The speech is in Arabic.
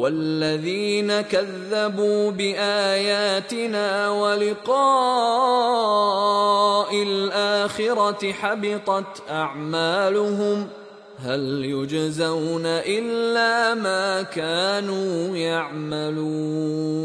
والذين كذبوا باياتنا ولقاء الاخره حبطت اعمالهم هل يجزون الا ما كانوا يعملون